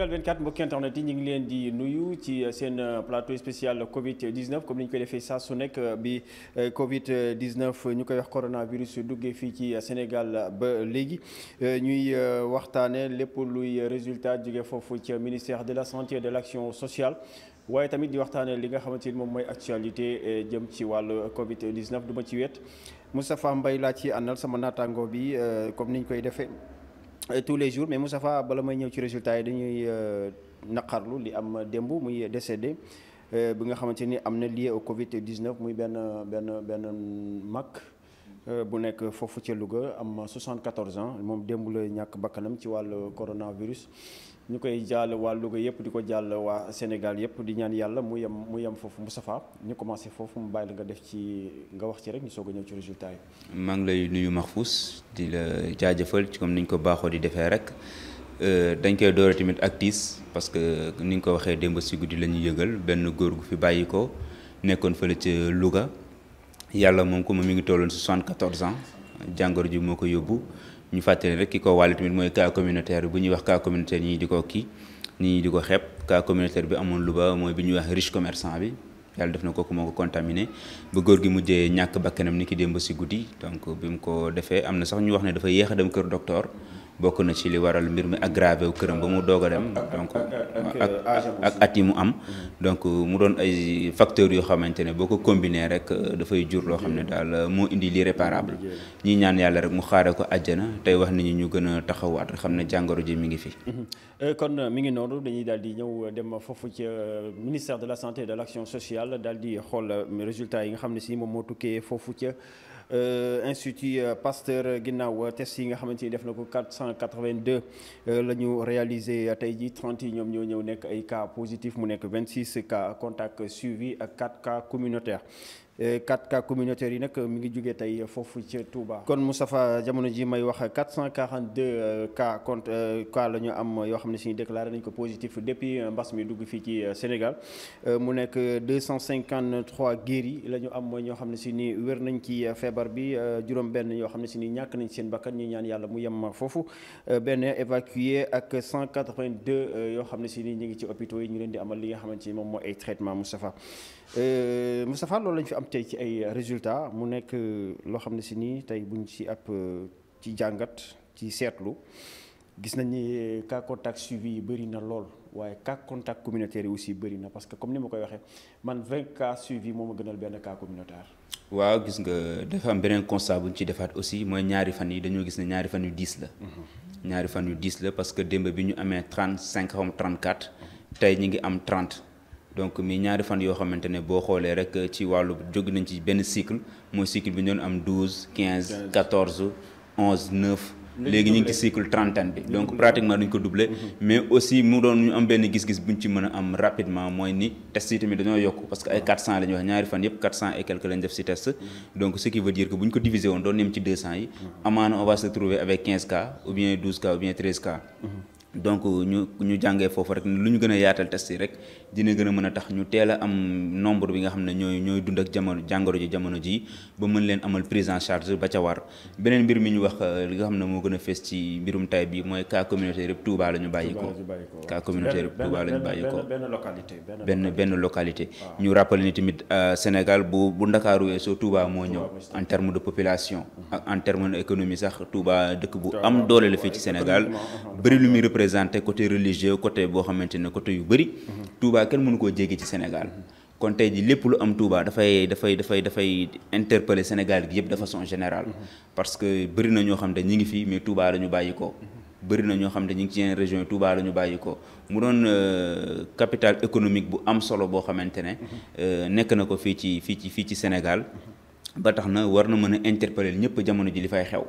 Sénégal 24 mbokki internet yi ñu ngi leen di nuyu ci seen euh, plateau spécial Covid 19 comme ni ñu koy defee saa su nekk euh, bi euh, Covid 19 ñu koy wax coronavirus duggee fii ci Sénégal ba léegi ñuy waxtaanee lépp luy résultat jóge foofu ci ministère de la santé de l'action sociale. waaye tamit di waxtaanee li nga xamante ni moom mooy actualité jëm ci wàllu Covid 19 du ma ci wet Moustapha mbay laa ci àndal sama naataango bi comme ni ñu koy defee. Euh, tous les jours mais Moustapha bala may ñëw ci résultat yi dañuy euh, naqarlu li am démb muy décédé euh, bi nga xamante ni am na lié au Covid 19 muy benn benn benn mag. Euh, bu nekk foofu ca Louga am 74 ans moom démb la ñàkk bakkanam ci wàllu coronavirus ñu koy jàll waa Louga yëpp di ko jàll waa Sénégal yëpp di ñaan yàlla mu yem mu yem foofu safaa ñu commencé foofu mu bàyyi la nga def ci nga wax ci rek ñu soog a ñëw ci résultat yi. maa ngi lay nuyu Mahfous di la jaajëfal ci comme niñ ko baaxoo di defee rek. Euh, dañ koy doore tamit ak tiis parce que ni nga ko waxee démb si guddi la ñuy yëgal benn góor gu fi bàyyi ko nekkoon fële ca Louga yàlla moom ko moom mu ngi tolloon si soixante-quatorze ans jàngoro ji moo ko yóbbu ñu fàttali rek ki ko wàll tamit mooy cas communautaire bu ñuy wax cas communautaire ñii di ko kii ñi di ko xeeb cas communautaire bi amoon lu Louga mooy bi ñuy wax riche commerçant bi yàlla def na kooku moo ko contaminé ba góor gi mujjee ñàkk bakkanam ni ki démb si guddi donc bi mu ko defee am na sax ñu wax ne dafa yéex a dem kër docteur bokk na ci li waral mbir mi aggravé wu këram ba mu doog a dem. donc ak euh, at yi mu am. Mm-hmm. donc euh, mu doon ay facteurs yoo xamante ne boo ko combiné rek euh, dafay jur loo xam ne daal moo indi l'irréparable ñi ñaan yàlla rek mu xaare ko àjjana tey wax nit ñi ñu gën taxawaat xam ne jàngoro ji mi ngi fi. Mm-hmm. kon mi ngi noonu dañuy daal di ñëw dem foofu ci ministère de la santé et de l'action sociale daal xool résultats yi nga xam ne si moom moo tukkee foofu ca. Euh, institut euh, Pasteur euh, ginnaaw test yi nga xamante ni def na ko 482 la ñu réalisé tey jii 30 yi ñoom ñoo ñëw nekk ay cas positif mu nekk vingt 26 cas contact suivi ak 4 cas communautaire 4 eh, cas communautaires yi nag mi ngi jugee tey foofu ci Touba. kon Moustapha jamono ji may wax 442 euh, cas compte euh, cas la ñu am yoo xam ne suñu déclaré nañ ko positif depuis euh, mbas mi dugg fii ci Sénégal mu nekk 253 guéris la ñu am mooy ñoo xam ne si ni wér nañ ci feebar bi juróom-benn yoo xam ne si ni ñàkk nañ seen bakkan ñu ñaan yàlla mu yem foofu benn évacué ak 182 yoo xam ne si ni ñu ngi ci hôpitaux yi ñu leen di amal li nga xamante ni moom mooy ay traitement Moustapha. Euh, Moustapha loolu lañu fi am tey ci ay résultat mu nekk euh, loo xam ne si nii tey buñ ci ab euh, ci jàngat ci seetlu gis nañ ni cas contact suivi yi bëri na lool waaye cas contact communautaire yi aussi bëri na parce que comme ni ma koy waxee man 20 cas suivi moo ma gënal benn cas communautaire. waaw gis nga dafa am beneen constat bu ñu ci defaat aussi mooy ñaari fan yi dañoo gis ne ñaari fan yu diis la. Mm-hmm. ñaari fan yu diis la parce que démb bi ñu amee 35 xaw ma 34 tey ñu ngi am 30. donc mi ñaari fan yoo xamante ne boo xoolee rek ci wàllu jóg nañ ci benn cycle mooy cycle bi ñu doon am 12 15 14 11 9. léegi ñu ngi ci cycle trentaine bi donc pratiquement duñ ko doublé mais aussi mu doon ñu am benn gis-gis buñ ci mën a am rapidement mooy ni test yi tamit dañoo yokk parce que ay 400 la ñuy wax ñaari fan yëpp 400 et quelque lañ def ci test mhm. donc ce qui veut dire que bu ñu ko diviser woon doon yem donc ñu ñu jàngee foofu rek lu ñu gën a yaatal test yi rek dina gën a mën a tax ñu teel a am nombre bi nga xam ne ñooy ñooy dund ak jamono jàngoro ji jamono jii ba mën leen amal prise en charge ba ca war beneen mbir mi ñu wax euh, li nga xam ne moo gën a fees ci mbirum tay bii mooy cas communautaire yëpp Touba la ñu bàyyi ko cas communautaire yëpp Touba la ñu bàyyi ko benn benn localité ah. ñu rappelé ni tamit euh, Sénégal bu bu Ndakaaru weesoo Touba moo ñëw en terme de population ak en terme économie sax Touba dëkk bu am doole la fii ci Sénégal uh-huh, uh-huh, uh-huh. bëri lu muy représenté côté religieux côté boo xamante ne côté yu bëri mm-hmm. Touba kenn mënu koo jéggi ci Sénégal kon tey ji lépp lu am Touba dafay dafay dafay dafay interpeller Sénégal gi yëpp de façon général mm-hmm. parce que bëri na ñoo xam ne ñi ngi fii mais Touba la ñu bàyyi ko mm-hmm. bëri na ñoo xam ne ñi ngi ci yeneen région yi Touba la ñu bàyyi ko mu doon euh, capital économique bu am solo boo xamante ne mm-hmm. euh, nekk na ko fii ci fii ci fii ci Sénégal ba tax na war na mën a interpeller ñëpp jamono ji li fay xew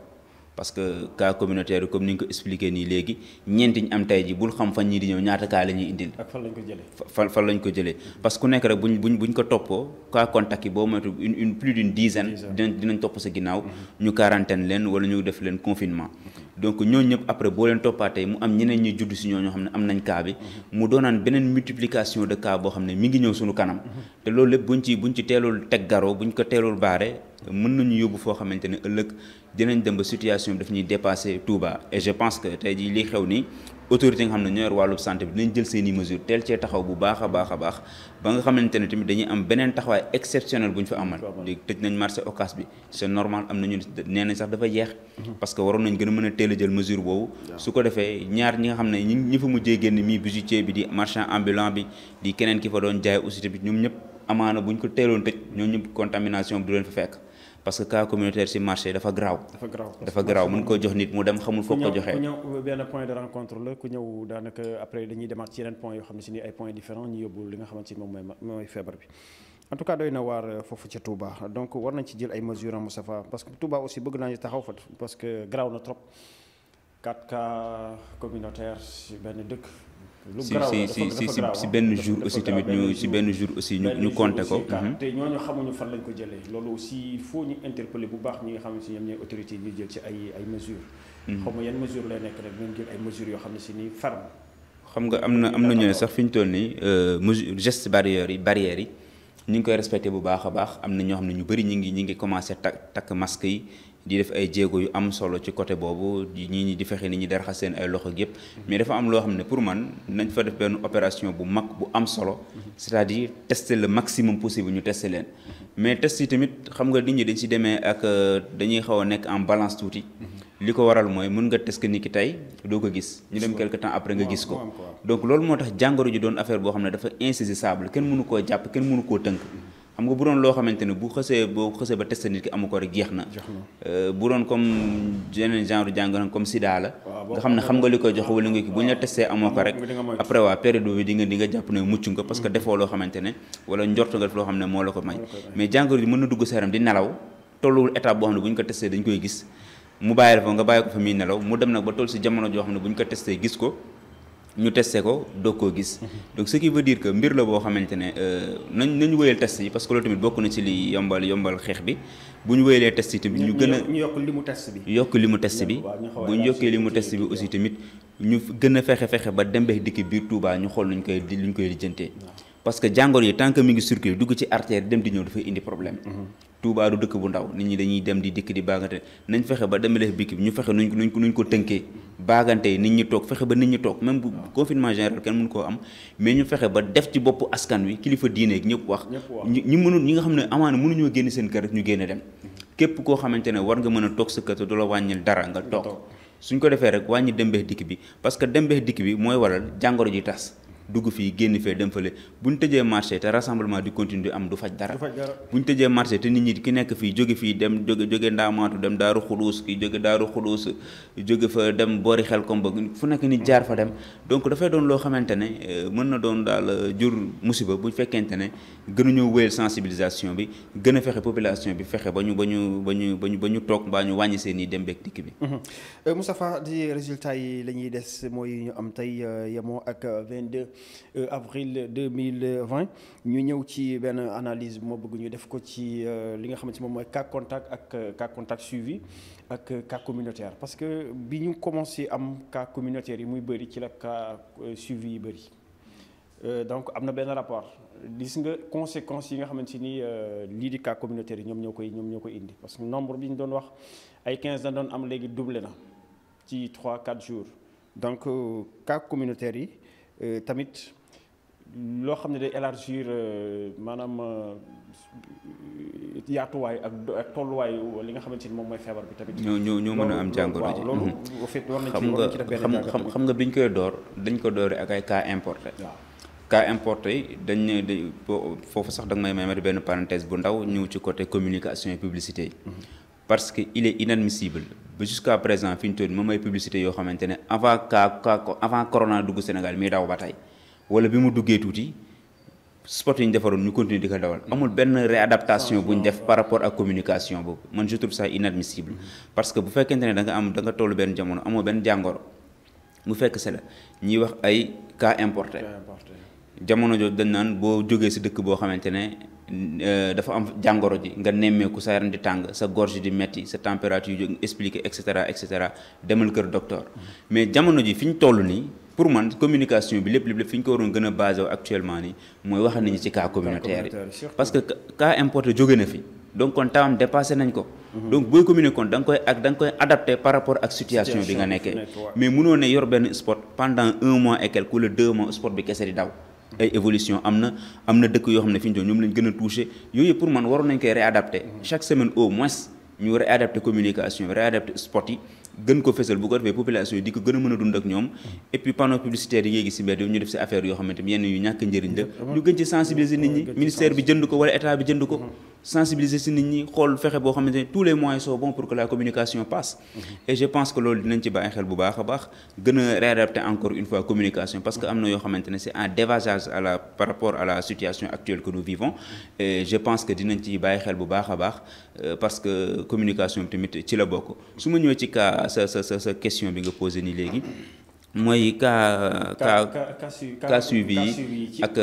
parce que cas communautaire comme ni ñu ko expliqué nii léegi ñeenti ñu am tey ji bul xam fan ñii di ñëw ñaata cas la ñuy indil. ak fan lañ ko jëlee. ko jëlee parce que ku nekk rek buñ buñ buñ ko toppoo cas contact yi boo moytu une une di d'une dizaine. dinañ dinañ topp sa ginnaaw. Mm-hmm. ñu quarantaine leen wala ñu def leen confinement. donc ñooñu ñëpp après boo leen toppaatee mu am ñeneen ñuy judd si ñoo ñoo xam ne am nañ kaa bi mm-hmm. mu doonaan beneen multiplication de cas boo xam ne mi ngi ñëw suñu kanam mm-hmm. te loolu lépp buñ ci buñ ci teelul teg garoo buñ ko teelul baare mën nañu yóbbu foo xamante ne ëllëg dinañ dem ba situation bi daf ñuy dépasser Touba et je pense que tey jii li xew ni autorité nga xam ne ñoo yor santé bi dinañ jël seen i mesures teel cee taxaw bu baax a baax a baax ba nga xamante ne tamit dañuy am beneen taxawaay exceptionnel bu ñu fa amal léegi tëj nañ marché Ocass bi c'est normal am nañu nee sax dafa yeex parce que waroon nañ gën a mën a teel a jël mesure boobu su ko defee ñaar ñi nga xam ne ñi ñi fa mujjee génn mii bijoutier bi di marchand ambulant bi di keneen ki fa doon jaay aussi bi ñoom ñëpp amaana buñ ko teeloon tëj ñoo ñëpp contamination bi du leen fa fekk parce que cas communautaire ci marché dafa garaaw. dafa garaaw dafa garaaw mën koo jox nit mu dem xamul foo ko joxee. ku ñëw benn point de rencontre la ku ñëw daanaka après dañuy demaat ci yeneen point yoo xam ne si ni ay points différents ñu yóbbu li nga xamante ni moom mooy mooy feebar bi. en tout cas doy na waar euh, foofu ci Touba donc war nañ ci jël ay mesures Moustapha parce que Touba aussi bëgg naa ñu taxaw fa parce que garaaw na trop 4 cas communautaire ci benn dëkk. si si si si si benn jour aussi tamit ñu si benn jour aussi ñu ñu compté ko. Hmm. te ñooñu xamuñu fan lañ ko jëlee loolu aussi il faut ñu interpeller bu baax ñi nga xam ne si ñoom ñooy autorité yi jël ci ay ay mesures. Hmm. xaw ma yan mesures lay nekk rek jël ay mesures yoo xam ne si nii ferme. xam nga am na am na ñu ne sax fi ñu toll nii euh, mesure gest barrière yi barrières yi ñu ngi koy respecté bu baax a baax am na ñoo xam ne ñu bëri ñu ngi ñu ngi commencé takk takk masque yi. di def ay jéego yu am solo ci côté boobu di ñii ñi di fexe ni ñi dara raxas seen ay loxo yëpp mais dafa am loo xam ne pour man nañ fa def benn opération bu mag bu am solo c'est-à-dire tester le maximum possible ñu tester leen mais test yi tamit xam nga nit ñi dañ si demee ak euh, dañuy xaw a nekk en balance tuuti li ko waral mooy mun nga test nit ki tey doo ko gis ñu dem quelque temps après nga gis ko donc loolu moo tax jàngoro ji doon affaire boo xam ne dafa insaisissable kenn mënu koo jàpp kenn mënu koo tënk xam nga bu loo xamante ne bu xësee boo xësee ba testé nit ki amu ko rek jeex na euh, bu doon comme yeneen genre jàngoro comme sida la nga xam ne xam nga li koy jox wala nga ki bu ñu la testé amoo ko rek après waa période bi di nga jàpp ne mucc nga parce mm-hmm. defoo loo xamante ne wala njort nga def loo xam ne moo la ko may mais jàngoro ji mën na dugg sa di nelaw tolluwul étape boo xam ne bu ko testé dañ koy gis mu bàyyi la fa nga bàyyi ko fa ñu testé ko doog koo gis. donc ce qui veut dire que mbir la boo xamante ne euh, nañ nañ wëyal test yi parce que loolu tamit bokk na ci li yombal yombal xeex bi bu ñu wëyalee test yi ñu gën a ñu yokk limu test bi. yokk limu test bi bu ñu yokkee limu test bi aussi tamit ñu gën a fexe fexe ba dem beeg dikk biir Touba ñu xool luñ koy luñ koy lijjantee. parce que jàngoro yi tant que mi ngi circulé dugg ci artère dem di ñëw dafay indi problème. Mm-hmm. Touba du dëkk bu ndaw nit ñi dañuy dem di dikk di baagante nañ fexe ba demeleef bikki ñu fexe nuñ nuñ nuñ ko tënkee baagante yi nit ñi toog fexe ba nit ñi toog même bu confinement général kenn mënu koo am mais ñu fexe ba def ci bopp askan wi kilifa diine ak ñëpp wax ñi mënu ñi nga xam ne amaana mënuñoo génn seen kër ñu génn dem képp koo xamante ne war nga mën a toog sa kër du la wàññil dara nga toog suñ ko defee rek wàññi dembeex dikk bi parce que dembeex dikk bi mooy waral jàngoro ji tas dugg fii génn fee dem fële bu ñu tëjee marché te rassemblement di continuer am du faj dara bu ñu tëjee marché te nit ñi ki nekk fii jóge fii dem jóge ndaamaatu dem daaru xuluus ki jóge daaru xuluus jóge fa dem boori xel comme ba fu nekk nit jaar fa dem donc dafay doon loo xamante ne euh, mën na doon daal euh, jur musiba bu fekkente ne gënuñoo wéyal sensibilisation bi gën a fexe population bi fexe ba ñu ba ñu ba ñu ba ñu ba ñu toog mbaa ñu wàññi seen i bi mhm. euh, Moustapha di résultat Euh, avril 2020 ñu ñëw ci benn analyse bu ma bëgg ñu def ko ci euh, li nga xamante moom mooy cas contact ak euh, cas contact suivi ak cas communautaire parce que bi ñu commencé am cas communautaire yi muy bëri ci la cas suivi yi bëri donc am na benn rapport gis nga conséquences yi nga xamante ni lii di cas communautaire yi ñoom ñoo koy ñoom ñoo koy indi parce que nombre bi ñu doon wax ay 15 dañ doon am léegi doublé na ci trois quatre jours donc cas communautaire yi Euh, tamit loo xam ne day élargir euh, maanaam euh, yaatuwaay ak ak tolluwaay li nga xamante ni moom mooy feebar bi tamit. ñoo ñoo ñoo mën a am jàngoro ji loolu mhm. au fait war nañ ci war nañ ci def xam xam nga biñ koy door dañ ko doore ak ay cas importé. cas importé yi dañ ne foofu sax danga may may benn parenthèse bu ndaw ñëw ci côté communication et publicité yi. Mhm. parce que il est inadmissible ba jusqu'à présent fi ñu toll moom ay publicité yoo xamante ne avant ka avant corona dugg Sénégal mi daw ba tey wala bi mu duggee tuuti spot yi ñu defaroon ñu continuer di ko dawal amul benn réadaptation bu ñu def par rapport ak communication boobu man je trouve ça inadmissible parce que bu fekkente ne da am danga nga toll benn jamono amoo benn jàngoro mu fekk se la ñuy wax ay cas importé jamono jooju dañ naan boo jógee si dëkk boo xamante ne Euh, dafa am jàngoro ji nga nemmeeku sa yaram di tàng sa gorge di metti sa température yi expliqué et cetera et cetera demal kër docteur mais jamono ji fi ñu toll nii pour man communication bi lépp lépp fi ñu ko waroon gën a basé actuellement nii mooy wax nañu ci cas communautaire yi parce que cas importé jóge na fi donc kon taam dépassé nañ ko mhm. donc booy communiqué kon da nga koy ak da nga koy adapté par rapport ak situation bi nga nekkee mais mënoo ne yor benn sport pendant un mois et quelque wala deux mois bi kese di daw ay évolution am na am na dëkk yoo xam ne fi ñu doon ñoom lañ gën a touché yooyu pour man waroon nañ koy réadapté chaque semaine au moins ñu adapté communication réadapté sport yi gën ko fesal bu ko defee population yi di ko gën a mën a dund ak ñoom et puis panneau publicitaire yi yéegi si mbedd ñu def si affaire yoo xamante ni yenn yu ñàkk njëriñ la ñu gën ci sensibiliser nit ñi ministère bi jënd ko wala état bi jënd ko mhm. sensibiliser si nit ñi xool fexe boo xamante ni tous les moyens sont bons pour que la communication passe mhm. et je pense que loolu dinañ ci bàyyi xel bu baax a baax gën a réadapter encore une fois communication parce euh, ci la bokk sa sa sa sa question bi nga posé ni léegi mooy cas cas cas suivi yi ak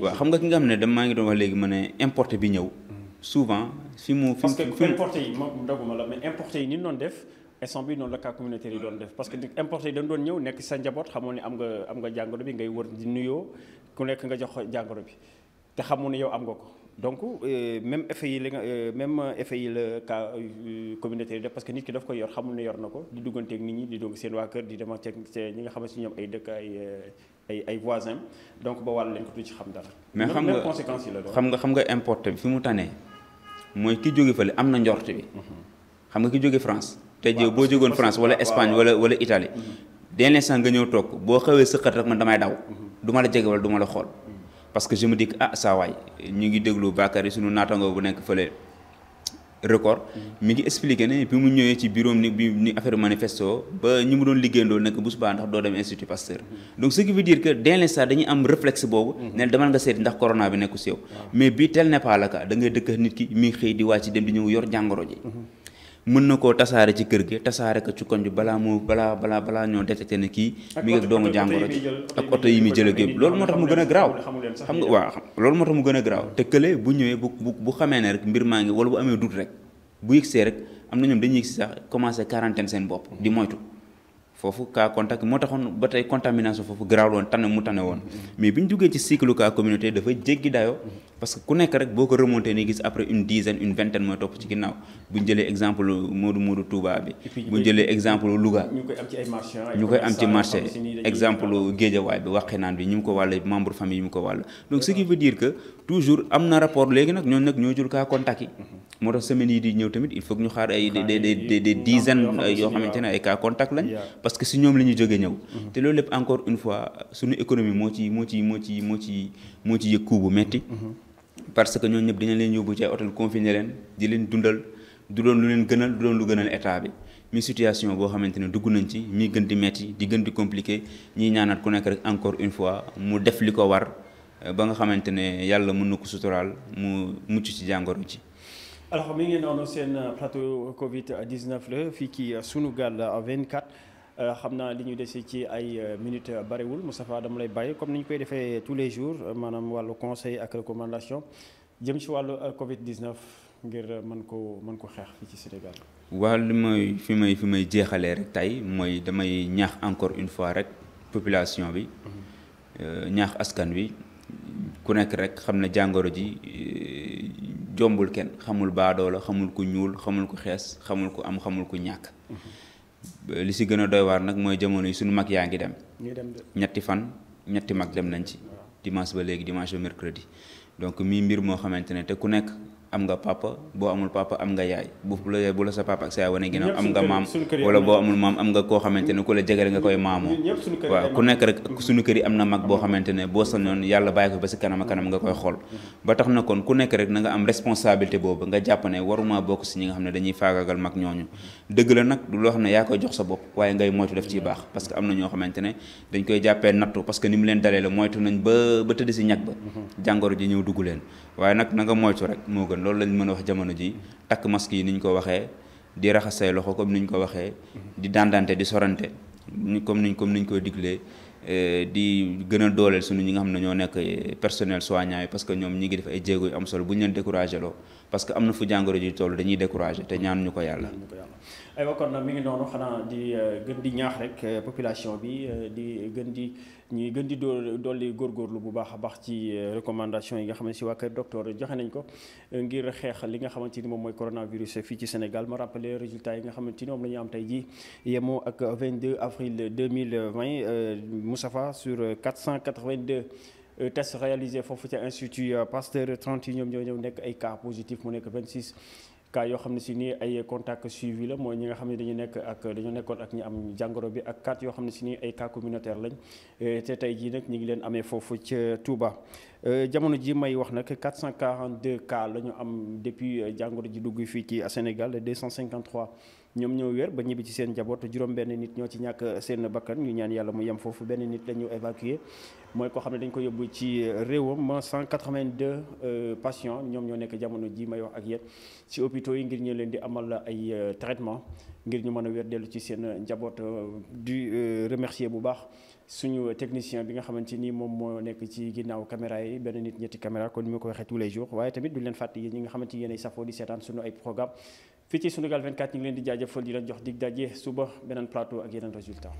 waaw xam nga ki nga xam ne dama maa ngi doon wax léegi ma ne importé bi ñëw mm. souvent fi mu parce que importé yi ma doguma la mais importé yi ni noonu def instant bi noonu la cas communautaire yi doon def parce que importé yi dañ doon ñëw nekk sa njaboot xamoon ne am nga am nga jàngoro bi ngay wër di nuyoo ku nekk nga jox jàngoro bi te xamoon ne yow am nga ko donc euh, même effet yi la nga euh, même effet yi la cas euh, communautaire yi parce que nit ki daf koy yor xamul ne yor na ko di dugganteeg nit ñi di dogg seen waa kër di dem ak ñi nga xamante ni ay dëkk ay ay ay donc ba wàll leen ci xam dara. mais xam nga conséquences la xam nga xam nga importé bi fi mu tane mooy ki jóge fële am na njort bi. Mhm. xam nga ki jóge France. te jii boo jógoon France wala Espagne wala wala Italie. Mhm. dene l'instant nga ñëw toog boo xawee sëqat rek man damay daw. Mhm. duma la jege wala du la xool. parce que je me dis que ah saa waay ñu ngi déglu Bakary suñu naataango bu nekk fële record mm-hmm. mi ngi expliqué ne bi mu ñëwee ci bureau ni bi ni affaire manifesto ba ñi mu doon liggéeyandoo nekk bu subaa ndax doo dem institut Pasteur mm-hmm. donc ce qui veut dire que dès l'instant am réflexe boobu mm-hmm. ne demal nga seeti ndax corona bi nekku si yow mais bii tel n'est pas le cas da ngay dëkk nit ki mi xëy di wàcc dem di ñëw yor jàngoro ji mën na koo tasaare ci kër gi tasaare ko ci koñ bi balaa moo balaa balaa balaa ñoo détecté ne kii mi ngi doomu jàngoro ji ak oto yi muy jël gépp loolu moo tax mu gën a garaaw xam nga waaw loolu moo tax mu gën a garaaw te kële bu ñëwee bu bu bu xamee ne rek mbir maa ngi wala bu amee dut rek bu yëgsee rek am na ñoom dañuy yëgsi sax commencé quarantaine seen bopp di moytu foofu cas contact moo taxoon ba tey contamination foofu garaaw woon tane mu tane woon mais bi ñu duggee ci cycle cas communauté dafa parce que ku nekk rek boo ko remonté nii gis après une dizaine une vingtaine mooy topp ci ginnaaw bu ñu jëlee exemple Modou Modou Touba bi bu ñu exemple Louga ñu koy am ci marché ñu koy am ci marché exemple bi ñu mu ko wàll membre famille yi mu ko wàll donc ce qui veut que toujours am na rapport léegi nag parce que si ñoom la ñuy jógee ñëw. te loolu lépp encore une fois suñu moo ci moo ci moo ci moo ci moo ci yëg bu metti parce que ñooñu ñëpp dañu leen yóbbu ci ay di leen dundal du doon lu leen lu gënal état bi. mi situation boo ne dugg nañ ci mi gën di metti di gën di compliqué ñiy ñaanaat ku nekk rek encore une fois mu def li ko war euh, ba nga xamante ne yàlla mën na ko suturaal mu mucc ci jàngoro ji. alors mi ngi noonu seen plateau Covid 19 la fii ci Sunugal 24. Euh, xam naa li ñu dese ci ay euh, minutes euh, bariwul Moustapha dama lay bàyyi comme ni ñu koy defee tous les jours maanaam wàllu conseil ak recommandation jëm ci wàllu Covid 19 ngir mën ko mën ko xeex fii ci Sénégal. waaw li may fi may fi may jeexalee rek tey mooy damay ñaax encore une fois rek population bi mhm. ñaax askan wi ku nekk rek xam ne jàngoro ji jombul kenn xamul baadoo la xamul ku ñuul xamul ku xees xamul ku am xamul ku ñàkk. Mhm. li si gën a doy waar nag mooy jamono yi suñu mag yaa ngi dem ñetti fan ñetti mag dem nañ ci dimanche ba léegi dimanche ba mercredi donc mii mbir moo xamante ne te ku nekk am nga papa boo amul papa am nga yaay bu la bu la sa papa ak sa yaay wane ginnaaw am nga maam wala boo amul maam am nga koo xamante ne ku la jegele nga koy maamoo waaw ku nekk rek suñu kër am na mag boo xamante ne boo sañoon a kanam nga mm-hmm. ba tax na kon ku nekk rek xam ne dañuy faagaagal mag ñooñu mm-hmm. dëgg la nag du loo xam ne yaa koy jox mm-hmm. ñoo xamante ne dañ koy jàppee nattu parce que ni mu leen dalee la moytu nañ ba ba tëdd si ñag ba jàngoro ji ñëw dugg leen waaye nag na nga moytu rek moo gën problème loolu lañ mën a wax jamono ji takk masque yi ni ñu ko waxee di raxas loxo comme ni ñu ko waxee di dandante di sorante comme niñ comme ni ñu ko diglee eh, di gën a dooleel suñu ñu nga xam ne ñoo nekk eh, personnel soignant yi parce que ñoom ñi ngi def ay jéego yu am solo bu ñu leen découragé loo parce que am na fu jàngoro ji toll dañuy découragé te ñaanuñu ko yàlla aywa kon mi ngi noonu xanaa di euh, gën di ñaax rek euh, population bi euh, di gën di ñuy gën di dolli góorgóorlu bu baax a baax ci recommandation yi nga xam ne si waa kër docteur nañ ko ngir xeex li nga xamante ni moom mooy coronavirus fii ci Sénégal ma rappelé résultat yi nga xamante ni moom la ñu am tey ji yemoo ak 22 avril 2020 Moustapha sur 482. test réalisé foofu ca institut Pasteur 30 yi ñoom ñoo ñëw nekk ay cas positif mu nekk vingt 26 cas yoo xam ne si nii ay contact suivi la mooy ñi nga xam ne dañu nekk ak dañu nekkoon ak ñi am jàngoro bi ak quatre yoo xam ne si nii ay cas communautaire lañ te tey jii nag ñi ngi leen amee foofu ca Touba. Euh, jamono ji may wax nag 442 cas la ñu am depuis euh, jàngoro ji dugg fii ci Sénégal 253 ñoom ñoo wér ba ñibbi ci seen njaboot juróom benn nit ñoo ci ñàkk seen bakkan ñu ñaan yàlla mu yem foofu benn nit la ñu mooy koo xam ne dañ ko yóbbu ci euh, réewam 182 patients ñoom ñoo nekk jamono ji may wax ak yéen ci hôpitaux yi ngir ñu leen di amal ay traitement ngir ñu mën a wér dellu ci seen njaboot di remercier bu baax suñu technicien bi nga xamante ni moom moo nekk ci ginnaaw caméra yi benn nit ñetti caméra kon ni ma ko waxee tous les jours waaye tamit du leen fàtte yéen ñi nga xamante yéenay safoo di seetaan suñu ay programme fii ci Sunugal 24 ñu ngi leen di jaajëfal di leen jox dig daje suba beneen plateau ak yeneen résultat